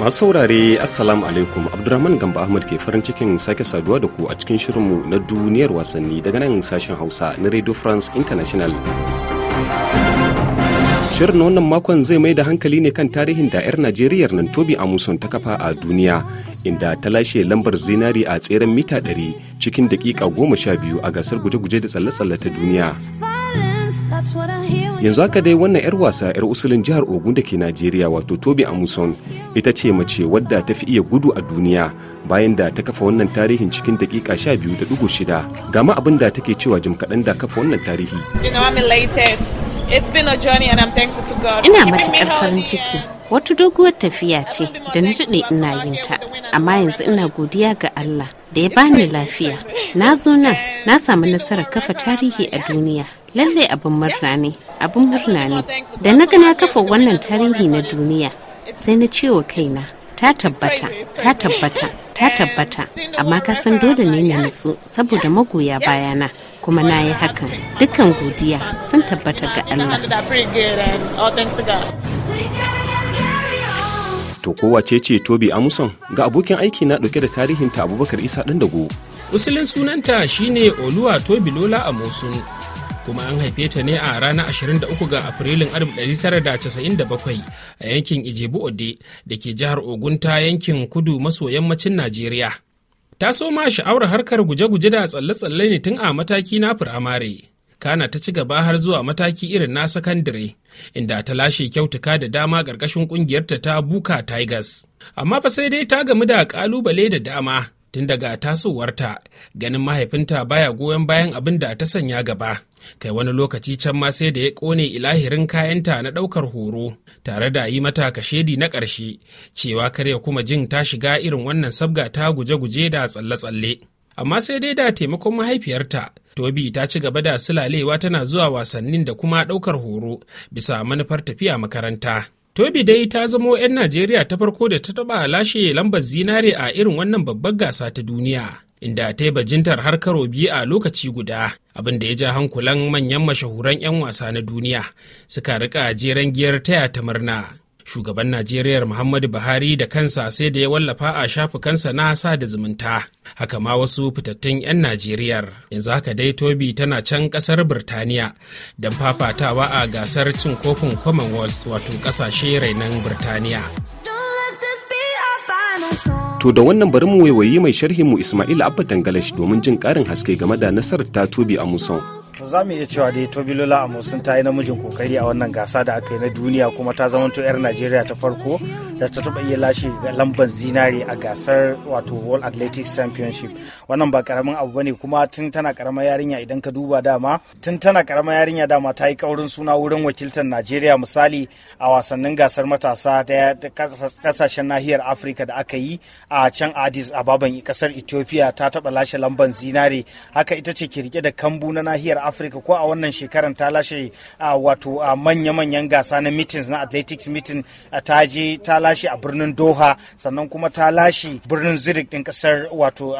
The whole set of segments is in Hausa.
masu saurare assalamu alaikum abdurrahman gamba ahmad ke farin cikin sake saduwa da ku a cikin shirinmu na duniyar wasanni daga nan sashen hausa na radio france international shirin wannan makon zai mai da hankali ne kan tarihin da 'yar najeriyar nan tobi amuson ta kafa a duniya inda ta lashe lambar zinari a tseren mita 100 cikin dakika goma sha biyu a gasar guje-guje da tsalle-tsalle ta duniya yanzu haka dai wannan 'yar wasa 'yar usulin jihar ogun da ke najeriya wato tobi amuson ita ce mace wadda ta fi iya gudu a duniya bayan da ta kafa wannan tarihin cikin dakika 12.6 ga ma abin da take cewa jim kaɗan da kafa wannan tarihi ina matuƙar farin uh, ciki wata doguwar tafiya ce da na daɗe ina yin ta amma yanzu ina godiya ga allah da ya bani lafiya na zo nan na samu nasarar kafa tarihi a duniya lallai abin murna ne abin murna ne da na gana kafa wannan tarihi na duniya sai na ce wa kaina ta tabbata ta tabbata ta tabbata amma ka san dole ne na nutsu saboda magoya bayana kuma na yi hakan dukkan godiya sun tabbata ga Allah. To kowace ce Tobi Amuson ga abokin aiki na dauke da tarihinta Abubakar Isa Dandago. Usulin sunanta shine Oluwa Tobilola Amosun. kuma an haife ta ne a ranar 23 ga Afrilun 1997 a yankin Ijebu Ode da ke jihar Ogun ta yankin kudu maso yammacin Najeriya. Ta so ma sha'awar harkar guje-guje da tsalle-tsalle ne tun a mataki na firamare. Kana ta ci gaba har zuwa mataki irin na sakandare, inda ta lashe kyautuka da dama ƙarƙashin ƙungiyarta ta Buka Tigers. Amma fa sai dai ta gamu da ƙalubale da dama tun daga tasowarta ganin mahaifinta baya goyon bayan abin da ta sanya gaba kai wani lokaci can ma sai da ya kone ilahirin kayanta na ɗaukar horo tare da yi mata kashedi na ƙarshe cewa kar ya kuma jin ta shiga irin wannan sabga ta guje-guje da tsalle-tsalle amma sai dai da taimakon mahaifiyarta tobi ta ci gaba da sulalewa tana zuwa wasannin da kuma ɗaukar horo bisa manufar tafiya makaranta Tobi dai ta zamo 'yan Najeriya ta farko da ta taba lashe lambar zinare a irin wannan babbar gasa ta duniya, inda ta yi bajintar har karo biyu a lokaci guda, abin da ya ja hankulan manyan mashahuran 'yan wasa na duniya suka rika jeren giyar taya ta murna. shugaban najeriya muhammadu buhari da kansa sai da ya wallafa a shafukansa na sa da zumunta haka ma wasu fitattun 'yan najeriya yanzu haka dai tobi tana can kasar birtaniya don fafatawa a gasar cin kofin commonwealth wato kasashe rainan birtaniya To da wannan bari mu waiwayi mai sharhinmu Ismail Abba Dangalash domin jin ƙarin haske game da nasarar ta tobi a Musan. to za mu iya cewa dai tobilola amosin ta yi namijin kokari a wannan gasa da aka yi na duniya kuma ta zama zamanto 'yar najeriya ta farko da ta taba iya lashe lambar zinare a gasar wato World Athletics Championship. Wannan ba karamin abu bane kuma tun tana karamar yarinya idan ka duba dama tun tana karamar yarinya dama ta yi kaurin suna wurin wakiltar Najeriya misali a wasannin gasar matasa ta kasashen nahiyar Afirka da aka yi a can adis a baban kasar Ethiopia ta taba lashe lambar zinare haka ita ce ke da kambu na nahiyar Afirka ko a wannan shekaran ta lashe wato manya-manyan gasa na meetings na athletics meeting ta je ta lashe lashe a birnin doha sannan kuma ta lashe birnin zurich din kasar wato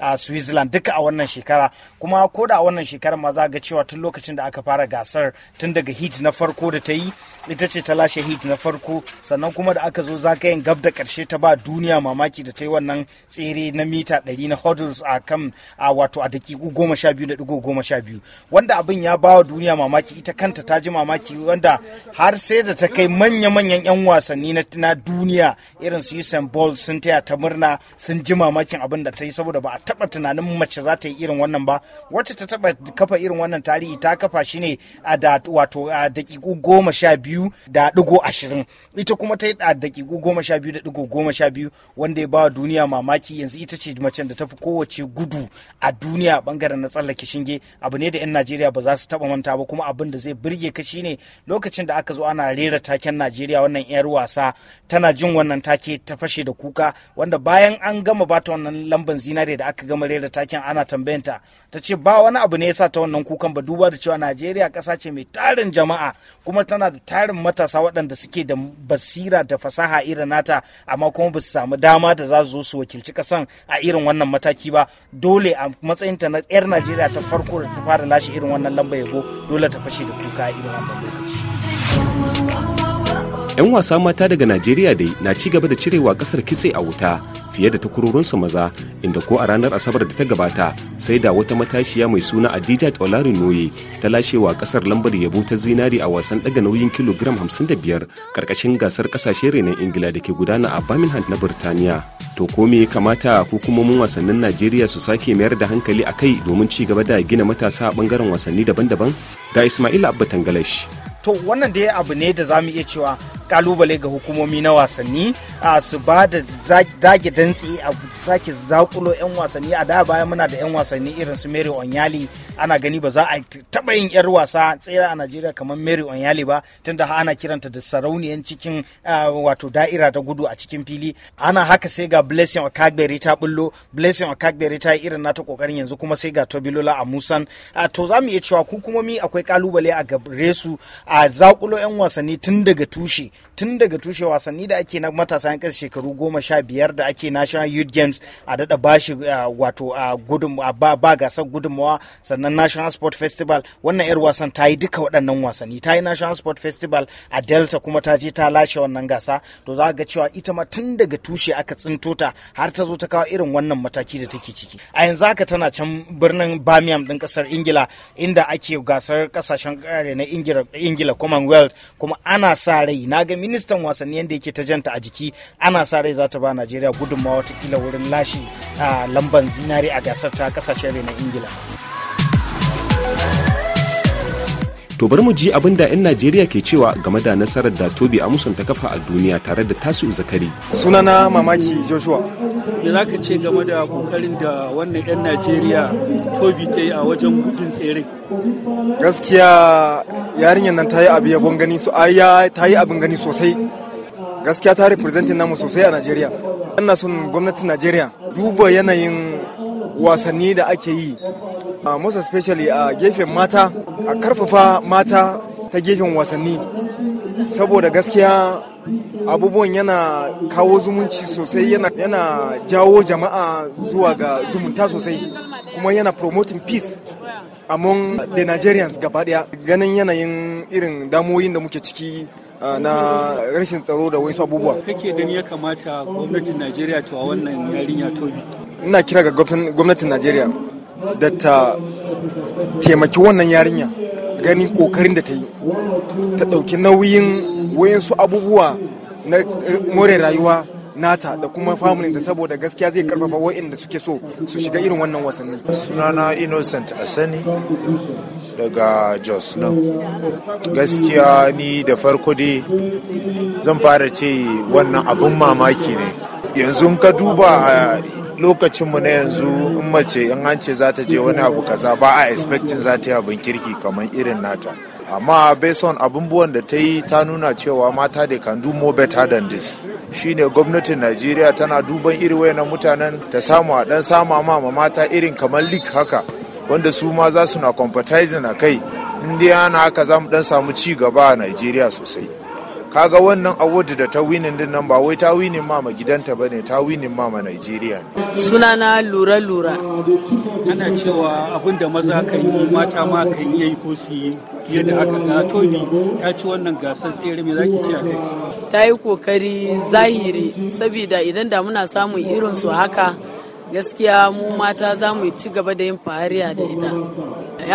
a switzerland duka a wannan shekara kuma ko da a wannan shekarar ma za ga cewa tun lokacin da aka fara gasar tun daga heat na farko da ta yi ita ce ta lashe heat na farko sannan kuma da aka zo zagayen gab da karshe ta ba duniya mamaki da ta yi wannan tsere na mita 100 na hurdles a kan a wato a dakiku goma da wanda abin ya bawa duniya mamaki ita kanta ta ji mamaki wanda har sai da ta kai manya-manyan 'yan wasanni na duniya irin su Usain Bolt sun taya ta murna sun ji mamakin abin da ta yi saboda ba a taba tunanin mace za ta yi irin wannan ba wacce ta taba kafa irin wannan tarihi ta kafa shi ne a da wato a dakiku goma sha biyu da digo ashirin ita kuma ta yi a dakiku goma sha biyu da digo goma sha biyu wanda ya ba duniya mamaki yanzu ita ce macen da ta fi kowace gudu a duniya bangaren na tsallake shinge abu ne da 'yan Najeriya ba za su taba manta ba kuma abin da zai birge ka shine lokacin da aka zo ana rera taken Najeriya wannan 'yar wasa ta tana jin wannan take ta fashe da kuka wanda bayan an gama bata wannan lamban zinare da aka gama rera taken ana tambayanta ta ce ba wani abu ne ya sa ta wannan kukan ba duba da cewa Najeriya kasa ce mai tarin jama'a kuma tana da tarin matasa waɗanda suke da basira da fasaha irin nata amma kuma ba su samu dama da za su zo su wakilci kasan a irin wannan mataki ba dole a matsayinta na 'yar Najeriya ta farko da ta fara lashe irin wannan lamba yabo dole ta fashe da kuka a irin wannan lokaci. 'yan wasa mata daga najeriya dai na ci gaba da cirewa kasar kitse a wuta fiye da takwarorinsu maza inda ko a ranar asabar da ta gabata sai da wata matashiya mai suna adija tolari noye ta lashewa kasar lambar yabo ta zinari a wasan daga nauyin kilogram 55 karkashin gasar kasashe renon ingila da ke gudana a birmingham na birtaniya to ko me ya kamata ko kuma mun wasannin najeriya su sake mayar da hankali a kai domin ci gaba da gina matasa a bangaren wasanni daban-daban ga ismaila abba tangalash to wannan da ya abu ne da za mu iya cewa kalubale ga hukumomi na wasanni a su ba da dage dantse a sake zakulo 'yan wasanni a da baya muna da 'yan wasanni irin su mary onyali ana gani ba za a taba yin 'yar wasa tsira a najeriya kamar mary onyali ba tunda ana kiranta da sarauniyan cikin wato da'ira ta gudu a cikin fili ana haka sai ga blessing okagberi ta bullo blessing okagberi ta irin nata kokarin yanzu kuma sai ga tobilola a musan to za mu iya cewa hukumomi akwai kalubale a gabresu a zakulo 'yan wasanni tun daga tushe tun daga tushe wasanni da ake na matasa yan ƙasa shekaru goma sha biyar da ake national youth games a dada bashi wato a gudun ba gasar gudunmawa sannan national sport festival wannan yar wasan ta yi duka waɗannan wasanni ta yi national sport festival a delta kuma ta je ta lashe wannan gasa to za ga cewa ita ma tun daga tushe aka tsinto ta har ta zo ta kawo irin wannan mataki da take ciki a yanzu haka tana can birnin birmingham din ƙasar ingila inda ake gasar ƙasashen ƙare na ingila commonwealth kuma ana sa rai na ga ministan wasanni yadda yake ta janta a jiki ana sa rai za ta ba najeriya gudunmawa watakila wurin lashe a lamban zinari a gasar ta kasashen na ingila to bari mu ji abin da 'yan najeriya ke cewa game da nasarar da tobi amuson ta kafa a duniya tare da tasu zakari sunana mamaki joshua me za ka ce game da kokarin da wannan 'yan najeriya tobi ta yi a wajen gudun tsere gaskiya yarinyar nan ta yi abu yabon gani su ta yi abin gani sosai gaskiya ta representin namu sosai a najeriya ana son gwamnatin najeriya duba yanayin wasanni da ake yi a most especially a gefen mata a karfafa mata ta gefen wasanni saboda gaskiya abubuwan yana kawo zumunci sosai yana, jawo jama'a zuwa ga zumunta sosai kuma yana promoting peace among the Nigerians gaba daya ganin yanayin irin damoyin da muke ciki ah, na rashin tsaro da wasu abubuwa. Kake gani ya kamata gwamnatin Najeriya ta wannan yarinya tobi? Ina kira ga gwamnatin Najeriya da ta taimaki wannan yarinya ganin kokarin da ta yi ta ɗauki nauyin wayansu abubuwa na eh, more rayuwa nata da kuma da saboda gaskiya zai karfafa wa'inda suke so su shiga irin wannan wasanni. sunana innocent asani daga jos na gaskiya ni da farko dai zan fara ce wannan abin mamaki ne yanzu ka duba a lokacinmu na yanzu in mace in an ce za ta je wani abu kaza ba a expecting za ta yi abin kirki kamar irin nata amma beson abubuwan da ta yi ta nuna cewa mata da can do more better than this shine gwamnatin najeriya tana duban iri na mutanen ta samu a dan sama ma mata irin kamar league haka wanda su ma za su na competizing a kai in na haka za mu dan samu ci gaba a najeriya sosai kaga wannan award da ta winin din nan ba wai ta winin ma ma gidanta ba ne ta winin ma ma Nigeria. ne sunana lura lura ana cewa abin da maza kan yi mata ma kan yi ko su yi yadda haka ga tobi ta ci wannan gasar tsere me zaki ce akai ta yi kokari zahiri saboda idan da muna samun irin su haka gaskiya mu mata za mu ci gaba da yin fahariya da ita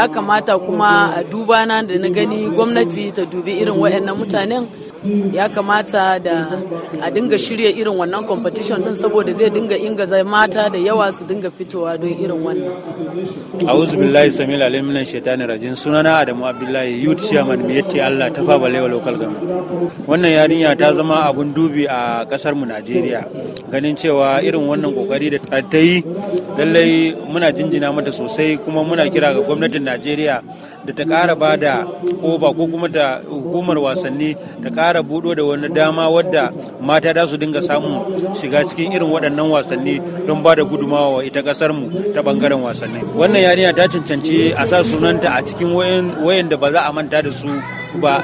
ya kamata kuma a duba na da na gani gwamnati ta dubi irin waɗannan mutanen ya kamata da a dinga shirya irin wannan competition din saboda zai dinga zai mata da yawa su dinga fitowa don irin wannan auzu billahi samil alim shaitani rajin sunana adamu abdullahi youth chairman miyatti allah ta faɓa laiwa local government wannan yarinya ta zama abun dubi a kasar mu najeriya ganin cewa irin wannan kokari da ta yi lallai muna jinjina mata sosai kuma muna kira ga gwamnatin najeriya da ta kara ba da ko ba ko kuma da hukumar wasanni ta kara ƙara buɗo da wani dama wadda mata za su dinga samun shiga cikin irin waɗannan wasanni don ba da gudumawa wa ita ƙasar mu ta ɓangaren wasanni wannan yarinya ta cancanci a sa sunanta a cikin wayan da ba za a manta da su ba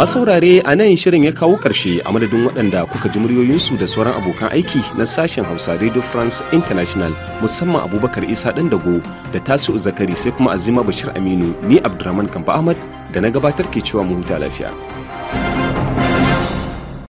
masu wurare a nan shirin ya kawo ƙarshe a madadin waɗanda kuka ji muryoyinsu da sauran abokan aiki na sashen hausa radio france international musamman abubakar isa ɗan dago da tasiu zakari sai kuma azima bashir aminu ni abdulrahman kamba ahmad da na gabatar ke cewa mu huta lafiya.